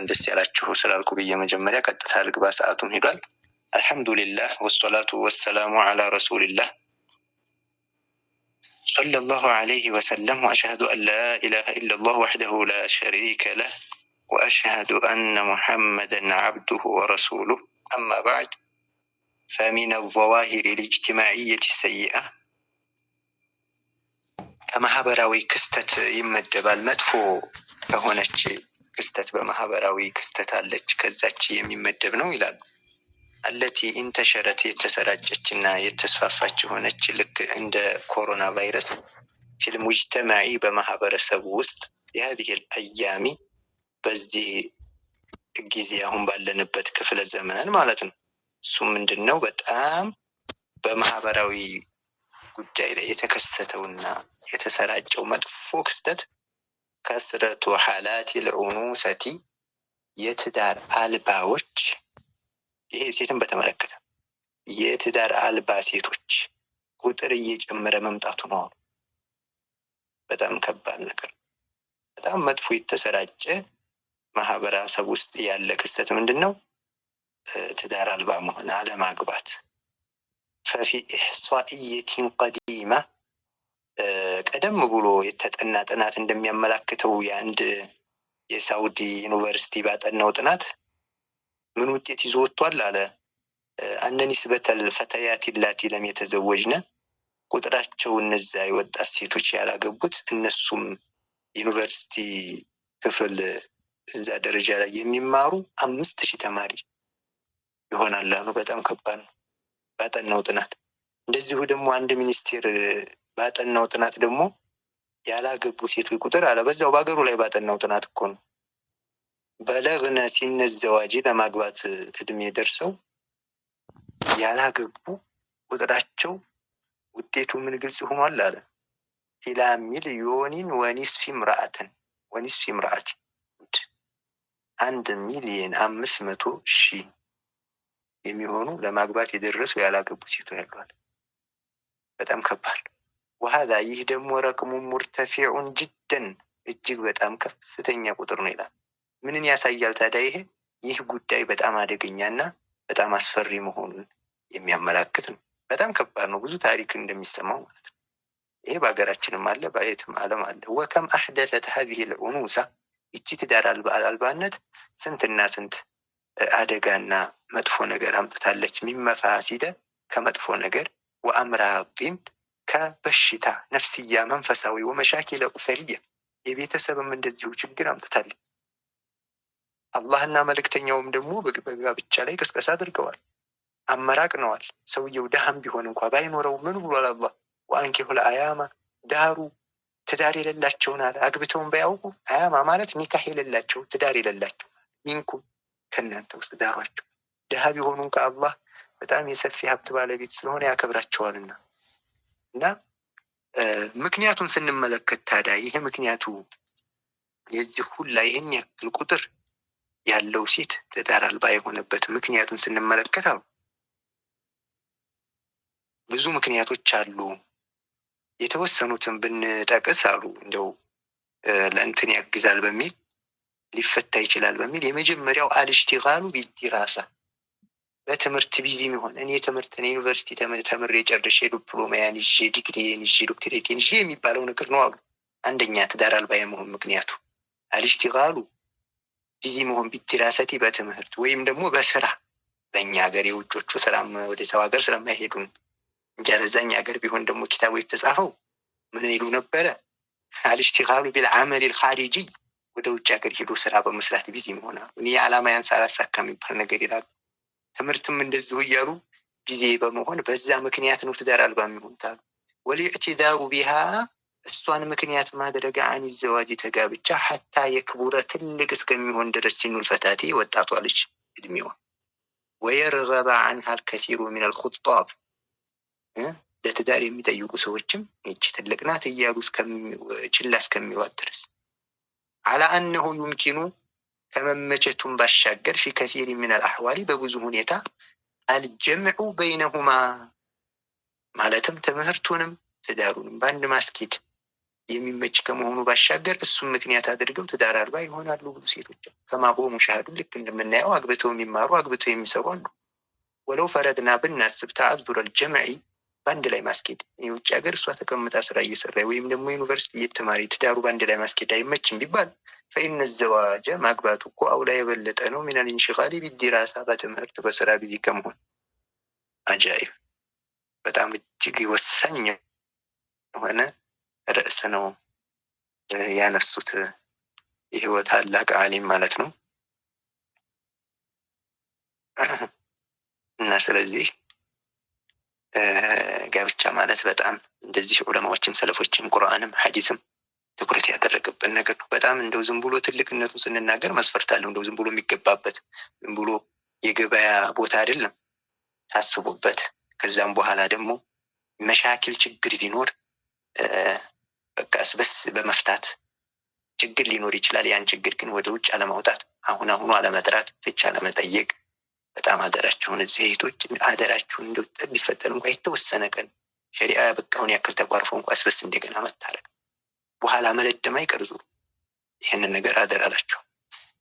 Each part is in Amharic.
እንደስ ያላችሁ ስላልኩ ብዬ መጀመሪያ ቀጥታ ልግባ። ሰዓቱም ሂዷል። አልሐምዱሊላህ ወሰላቱ ወሰላሙ አላ ረሱሊላህ صلى الله عليه وسلم وأشهد أن لا إله إلا الله وحده لا شريك له وأشهد أن محمدا عبده ورسوله أما بعد فمن الظواهر الاجتماعية السيئة كما هبر ويكستت يمد جبال مدفو فهنا الشيء ክስተት በማህበራዊ ክስተት አለች ከዛች የሚመደብ ነው ይላሉ። አለቲ ኢንተሸረት የተሰራጨች እና የተስፋፋች የሆነች ልክ እንደ ኮሮና ቫይረስ ፊልሙጅተማዒ በማህበረሰቡ ውስጥ የሀዚህ አያሚ በዚህ ጊዜ አሁን ባለንበት ክፍለ ዘመን ማለት ነው። እሱ ምንድን ነው በጣም በማህበራዊ ጉዳይ ላይ የተከሰተውና የተሰራጨው መጥፎ ክስተት ከስረቱ ሐላቲ ልዑኑሰቲ የትዳር አልባዎች ይሄ ሴትን በተመለከተ የትዳር አልባ ሴቶች ቁጥር እየጨመረ መምጣቱ ነው። በጣም ከባድ ነገር፣ በጣም መጥፎ የተሰራጨ ማህበረሰብ ውስጥ ያለ ክስተት ምንድን ነው? ትዳር አልባ መሆን፣ አለማግባት ፈፊ ኢሕሷኢየቲን ቀዲማ ቀደም ብሎ የተጠና ጥናት እንደሚያመላክተው የአንድ የሳውዲ ዩኒቨርሲቲ ባጠናው ጥናት ምን ውጤት ይዞ ወጥቷል አለ አነኒስ በተል ፈተያት ላቲ ለም የተዘወጅነ ቁጥራቸው እነዛ የወጣት ሴቶች ያላገቡት እነሱም ዩኒቨርሲቲ ክፍል እዛ ደረጃ ላይ የሚማሩ አምስት ሺህ ተማሪ ይሆናል አሉ። በጣም ከባድ ነው ባጠናው ጥናት። እንደዚሁ ደግሞ አንድ ሚኒስቴር ባጠናው ጥናት ደግሞ ያላገቡ ሴቶች ቁጥር አለ በዛው በሀገሩ ላይ ባጠናው ጥናት እኮ ነው። በለግነ ሲነዘዋጅ ለማግባት እድሜ ደርሰው ያላገቡ ቁጥራቸው ውጤቱ ምን ግልጽ ሆኗል አለ ኢላ ሚል ዮኒን ወኒስፊ ምርአትን ወኒስፊ ምርአት አንድ ሚሊየን አምስት መቶ ሺ የሚሆኑ ለማግባት የደረሱ ያላገቡ ሴቶ ያሏል። በጣም ከባድ ነው። ወሀዛ ይህ ደግሞ ረቅሙ ሙርተፊዑን ጅደን እጅግ በጣም ከፍተኛ ቁጥር ነው ይላል። ምንን ያሳያል ታዲያ? ይሄ ይህ ጉዳይ በጣም አደገኛ አደገኛና በጣም አስፈሪ መሆኑን የሚያመላክት ነው። በጣም ከባድ ነው። ብዙ ታሪክ እንደሚሰማው ማለት ነው። ይሄ በሀገራችንም አለ፣ በየትም ዓለም አለ። ወከም አሕደተት ሀዚህ ልዑኑሳ ይቺ ትዳር አልባነት ስንትና ስንት አደጋና መጥፎ ነገር አምጥታለች። ሚመፋሲደ ከመጥፎ ነገር ወአምራጢን ከበሽታ ነፍስያ፣ መንፈሳዊ ወመሻኪለ ቁሰልየ የቤተሰብም እንደዚሁ ችግር አምጥታለች። አላህና መልእክተኛውም ደግሞ በጋብቻ ላይ ቅስቀሳ አድርገዋል፣ አመራቅነዋል። ሰውየው ድሃም ቢሆን እንኳ ባይኖረው ምን ብሏል አላህ ወአንኪሁ ለአያማ ዳሩ ትዳር የሌላቸውን አለ። አግብተውን ባያውቁ አያማ ማለት ኒካህ የሌላቸው ትዳር የሌላቸው ሚንኩም ከእናንተ ውስጥ ዳሯቸው ድሃ ቢሆኑ እንኳ አላህ በጣም የሰፊ ሀብት ባለቤት ስለሆነ ያከብራቸዋልና እና ምክንያቱን ስንመለከት ታዲያ ይሄ ምክንያቱ የዚህ ሁላ ይህን ያክል ቁጥር ያለው ሴት ትዳር አልባ የሆነበት ምክንያቱን ስንመለከት አሉ ብዙ ምክንያቶች አሉ። የተወሰኑትን ብንጠቅስ አሉ እንደው ለእንትን ያግዛል በሚል ሊፈታ ይችላል በሚል የመጀመሪያው አልሽቲጋሉ ቢዲራሳ በትምህርት ቢዚ መሆን እኔ ትምህርት ዩኒቨርሲቲ ተምሬ ጨርሼ ዲፕሎማዬን ይዤ ዲግሪዬን ይዤ ዶክትሬቴን ይዤ የሚባለው ነገር ነው አሉ። አንደኛ ትዳር አልባ የመሆን ምክንያቱ አልሽቲጋሉ ቢዚ መሆን ቢትራሰቲ በትምህርት ወይም ደግሞ በስራ በእኛ ሀገር የውጮቹ ስራም ወደ ሰው ሀገር ስለማይሄዱን እንጂ ሀገር ቢሆን ደግሞ ኪታቡ የተጻፈው ምን ይሉ ነበረ? አልሽቲጋሉ ቢልዓመል ልካሪጂ ወደ ውጭ ሀገር ሄዶ ስራ በመስራት ቢዚ መሆን አሉ። እኔ የአላማ ያንስ አላሳካ የሚባል ነገር ይላሉ። ትምህርትም እንደዚሁ እያሉ ጊዜ በመሆን በዛ ምክንያት ነው ትዳር አልባ የሚሆኑት አሉ። ቢሃ እሷን ምክንያት ማድረግ አን ዘዋጅ ተጋብቻ ሀታ የክቡረ ትልቅ እስከሚሆን ድረስ ሲኑል ፈታቴ ወጣቷ ልጅ እድሜዋን ወየርረባ አንሃል ከሲሩ ሚን አልኹጣብ ለትዳር የሚጠይቁ ሰዎችም ይቺ ትልቅ ናት እያሉ ችላ እስከሚሏት ድረስ አላ አነሁ ዩምኪኑ ከመመቸቱን ባሻገር ፊ ከሲር ሚነል አሕዋሊ በብዙ ሁኔታ አልጀምዑ በይነሁማ ማለትም ትምህርቱንም ትዳሩንም በአንድ ማስኬድ የሚመች ከመሆኑ ባሻገር እሱም ምክንያት አድርገው ትዳር አልባ ይሆናሉ ብዙ ሴቶች። ከማሆ ሙሻዱ ልክ እንደምናየው አግብተው የሚማሩ አግብተው የሚሰሩ አሉ። ወለው ፈረድና ብናስብ ተአዙረ አልጀምዒ በአንድ ላይ ማስኬድ የውጭ ሀገር እሷ ተቀምጣ ስራ እየሰራ ወይም ደግሞ ዩኒቨርሲቲ እየተማሪ ትዳሩ በአንድ ላይ ማስኬድ አይመችም ቢባል ፈኢነዘዋጀ ማግባቱ እኮ አውላ የበለጠ ነው ሚናል ኢንሽቃሊ ቢዲራሳ በትምህርት በስራ ጊዜ ከመሆን አጃይብ በጣም እጅግ ወሳኝ የሆነ ርዕስ ነው ያነሱት። የህይወት ታላቅ አሊም ማለት ነው እና ስለዚህ ጋብቻ ማለት በጣም እንደዚህ ዑለማዎችም ሰለፎችም ቁርአንም ሐዲስም ትኩረት ያደረገበት ነገር ነው። በጣም እንደው ዝም ብሎ ትልቅነቱን ስንናገር መስፈርት አለው። እንደው ዝም ብሎ የሚገባበት ዝም ብሎ የገበያ ቦታ አይደለም። ታስቦበት ከዛም በኋላ ደግሞ መሻኪል ችግር ቢኖር በቃ ስበስ በመፍታት ችግር ሊኖር ይችላል። ያን ችግር ግን ወደ ውጭ አለማውጣት፣ አሁን አሁኑ አለመጥራት፣ ፍቻ አለመጠየቅ በጣም አደራችሁን እዚህ እህቶች አደራችሁን እንደ ቢፈጠር እንኳ የተወሰነ ቀን ሸሪያ በቃሁን ያክል ተቋርፎ እንኳ ስበስ እንደገና መታረቅ በኋላ መለደም አይቀር ይህንን ነገር አደራላቸው።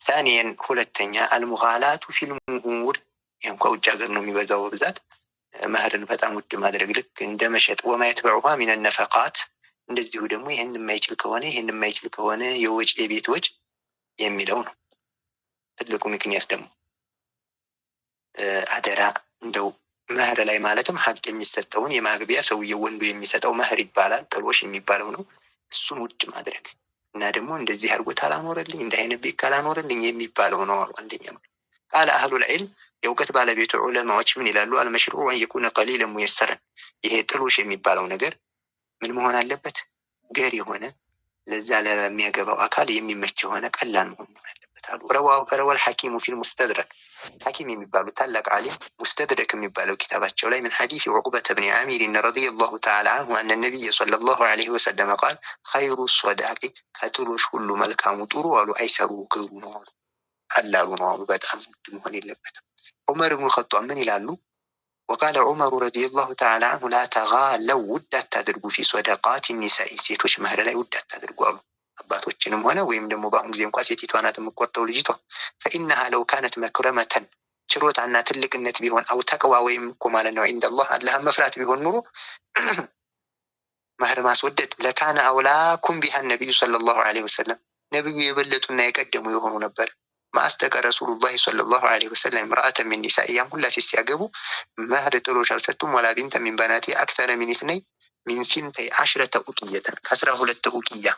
ታኒየን ሁለተኛ አልሙኋላቱ ፊልሙር ይህ እንኳ ውጭ ሀገር ነው የሚበዛው በብዛት መህርን በጣም ውድ ማድረግ ልክ እንደ መሸጥ ወማየት በዑማ ሚነ ነፈቃት እንደዚሁ ደግሞ ይህን የማይችል ከሆነ ይህን የማይችል ከሆነ የወጭ የቤት ወጭ የሚለው ነው ትልቁ ምክንያት ደግሞ አደራ እንደው መህር ላይ ማለትም ሀቅ የሚሰጠውን የማግቢያ ሰውዬው ወንዱ የሚሰጠው መህር ይባላል። ጥሎሽ የሚባለው ነው። እሱን ውድ ማድረግ እና ደግሞ እንደዚህ አድርጎት አላኖረልኝ እንደ አይነት ቤት ካላኖረልኝ የሚባለው ነው አሉ አንደኛ ነው። ቃለ አህሉል ዒልም የእውቀት ባለቤቱ ዑለማዎች ምን ይላሉ? አልመሽሩ ወን የኩነ ቀሊለ ሙየሰረን ይሄ ጥሎሽ የሚባለው ነገር ምን መሆን አለበት? ገር የሆነ ለዛ ለሚያገባው አካል የሚመች የሆነ ቀላል መሆን አለበት አሉ። ረዋል ሐኪሙ ፊል ሙስተድረክ ሐኪም የሚባሉ ታላቅ አሊም ሙስተድረክ የሚባለው ኪታባቸው ላይ ምን ሐዲስ ዑቅበት ብን አሚሪን ረዲየላሁ ተዓላ አንሁ አነ ነቢይ ሰለላሁ ዐለይሂ ወሰለም ቃል ኸይሩ ሶዳቂ ከጥሎሽ ሁሉ መልካሙ ጥሩ አሉ። አይሰሩ ግሩ ነው አሉ፣ ሐላሉ ነው አሉ። በጣም ውድ መሆን የለበትም። ዑመር ብኑ ኸጧብ ምን ይላሉ? ወቃለ ዑመሩ ረዲየላሁ ተዓላ አንሁ ላተጋለው ውድ አታድርጉ ፊ ሶደቃት ኒሳኢ ሴቶች መህር ላይ ውድ አታድርጉ አሉ። አባቶችንም ሆነ ወይም ደግሞ በአሁኑ ጊዜ እንኳ ሴቲቷ ናት የምቆርጠው ልጅቷ። ፈኢነሃ ለው ካነት መክረመተን ችሮታና ትልቅነት ቢሆን አው ተቅዋ ወይም እኮ ማለት ነው ኢንደላህ አላህን መፍራት ቢሆን ኑሮ መህር ማስወደድ ለካነ አውላኩም ቢሃን ነቢዩ ሰለላሁ ዐለይሂ ወሰለም ነቢዩ የበለጡና የቀደሙ የሆኑ ነበር። ማአስደቀ ረሱሉላሂ ሰለላሁ ዐለይሂ ወሰለም ረአተ ሚን ኒሳኢያም ሁላ ሴት ሲያገቡ መህር ጥሎች አልሰጡም። ወላ ቢንተ ሚን በናቲ አክተረ ሚን ኢትነይ ሚን ሲንተይ አሽረተ ኡቅየተን ከአስራ ሁለት ኡቅያ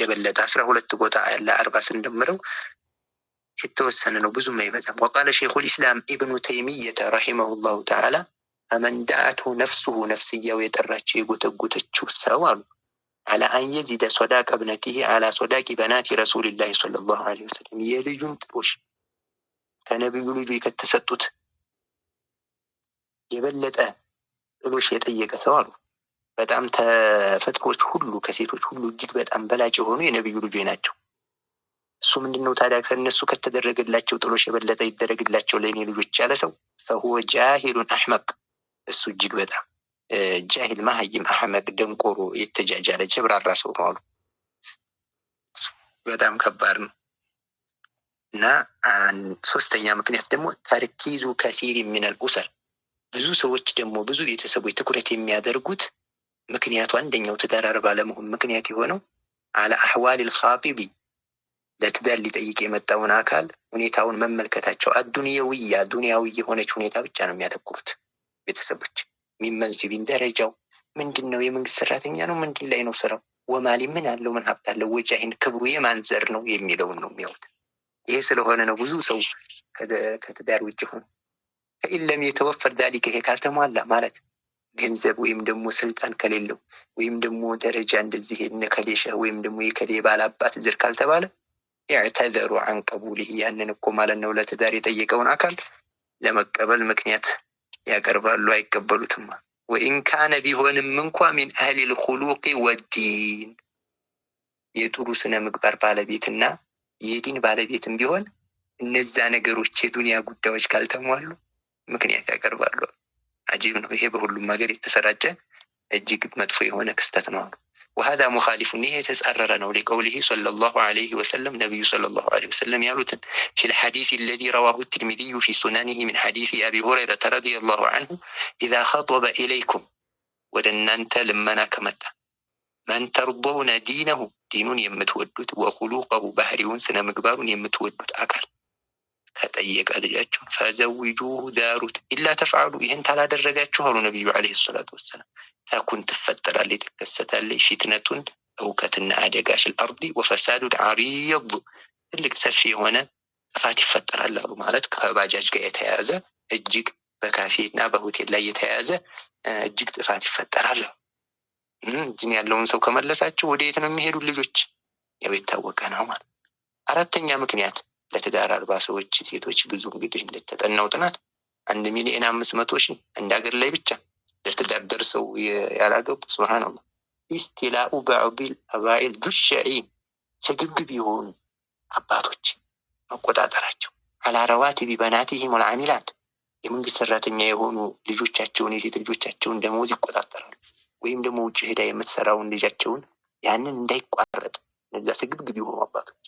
የበለጠ አስራ ሁለት ቦታ ያለ አርባ ስንደምረው የተወሰነ ነው፣ ብዙም አይበዛም። ወቃለ ሼኹል ኢስላም ኢብኑ ተይሚየተ ረሒመሁ ላሁ ተዓላ አመንዳአቱ ነፍሱሁ ነፍስያው የጠራቸው የጎተጎተችው ሰው አሉ አላ አንየዚደ ሶዳቅ እብነቲህ አላ ሶዳቂ በናቲ ረሱልላህ ሰለላሁ ዐለይሂ ወሰለም የልጁን ጥሎሽ ከነቢዩ ልጁ ከተሰጡት የበለጠ ጥሎሽ የጠየቀ ሰው አሉ። በጣም ተፈጥሮች ሁሉ ከሴቶች ሁሉ እጅግ በጣም በላጭ የሆኑ የነቢዩ ልጆች ናቸው። እሱ ምንድን ነው ታዲያ? ከእነሱ ከተደረገላቸው ጥሎሽ የበለጠ ይደረግላቸው ለእኔ ልጆች ያለ ሰው ፈሁወ ጃሂሉን አሕመቅ፣ እሱ እጅግ በጣም ጃሂል መሀይም አህመድ ደንቆሮ የተጃጃለ ጀብራራ ሰው ነው አሉ። በጣም ከባድ ነው እና ሶስተኛ ምክንያት ደግሞ ተርኪዙ ከሲር የሚነል ኡሰር ብዙ ሰዎች ደግሞ ብዙ ቤተሰቦች ትኩረት የሚያደርጉት ምክንያቱ አንደኛው ትዳር ባለመሆን ምክንያት የሆነው አለ አህዋል ልካጢቢ ለትዳር ሊጠይቅ የመጣውን አካል ሁኔታውን መመልከታቸው አዱንየውያ ዱንያዊ የሆነች ሁኔታ ብቻ ነው የሚያተኩሩት ቤተሰቦች ቢን ደረጃው ምንድን ነው? የመንግስት ሰራተኛ ነው? ምንድን ላይ ነው ስራው? ወማሊ ምን አለው? ምን ሀብት አለው? ወጃሂን ክብሩ የማን ዘር ነው የሚለውን ነው የሚያዩት። ይሄ ስለሆነ ነው ብዙ ሰው ከትዳር ውጭ ሆነ። ከኢለም የተወፈር ዛሊከ ይሄ ካልተሟላ ማለት ገንዘብ ወይም ደግሞ ስልጣን ከሌለው ወይም ደግሞ ደረጃ እንደዚህ ነከሌሸ ወይም ደግሞ የከሌ ባላባት ዝር ካልተባለ ያዕተዘሩ አንቀቡልህ ያንን እኮ ማለት ነው ለትዳር የጠየቀውን አካል ለመቀበል ምክንያት ያቀርባሉ አይቀበሉትማ። ወኢንካነ ቢሆንም እንኳ ሚን አህሊል ኹሉቂ ወዲን የጥሩ ስነ ምግባር ባለቤትና የዲን ባለቤትም ቢሆን እነዛ ነገሮች የዱንያ ጉዳዮች ካልተሟሉ ምክንያት ያቀርባሉ። አጂብ ነው። ይሄ በሁሉም ሀገር የተሰራጨ እጅግ መጥፎ የሆነ ክስተት ነው። وهذا مخالف نهاية تسأررنا لقوله صلى الله عليه وسلم نبي صلى الله عليه وسلم يالوتن في الحديث الذي رواه الترمذي في سننه من حديث أبي هريرة رضي الله عنه إذا خطب إليكم ودننت لما ناكمت من ترضون دينه دين يمتودد وخلوقه ባህሪውን ስነ ምግባሩን የምትወዱት አካል ጠየቀ ልጃቸው ፈዘዊጁሁ ዳሩት ኢላ ተፍዓሉ ይህን ታላደረጋችሁ አሉ ነቢዩ ዓለይሂ ሰላት ወሰላም። ተኩን ትፈጠራለች፣ ትከሰታለች ፊትነቱን እውከትና አደጋ ፊል አርዲ ወፈሳዱን ዓሪድ ትልቅ ሰፊ የሆነ ጥፋት ይፈጠራል አሉ። ማለት ከባጃጅ ጋር የተያያዘ እጅግ በካፌ እና በሆቴል ላይ የተያያዘ እጅግ ጥፋት ይፈጠራል። እጅን ያለውን ሰው ከመለሳቸው ወደ የት ነው የሚሄዱ ልጆች? ያው የታወቀ ነው ማለት አራተኛ ምክንያት ለትዳር አልባ ሰዎች ሴቶች ብዙ እንግዲህ እንደተጠናው ጥናት አንድ ሚሊዮን አምስት መቶ ሺህ እንደ ሀገር ላይ ብቻ ለትዳር ደርሰው ያላገቡ ስብሃን ነው። ኢስቲላኡ ባዕዲል አባኢል ጁሻዒ ስግብግብ የሆኑ አባቶች መቆጣጠራቸው አላረዋት ቢበናቲሂም ወልዓሚላት የመንግስት ሰራተኛ የሆኑ ልጆቻቸውን የሴት ልጆቻቸውን ደመወዝ ይቆጣጠራሉ። ወይም ደግሞ ውጭ ሄዳ የምትሰራውን ልጃቸውን ያንን እንዳይቋረጥ እነዚያ ስግብግብ የሆኑ አባቶች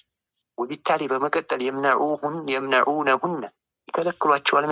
ወቢታሌ በመቀጠል የምነዑሁን የምነዑነሁን ይከለክሏቸዋል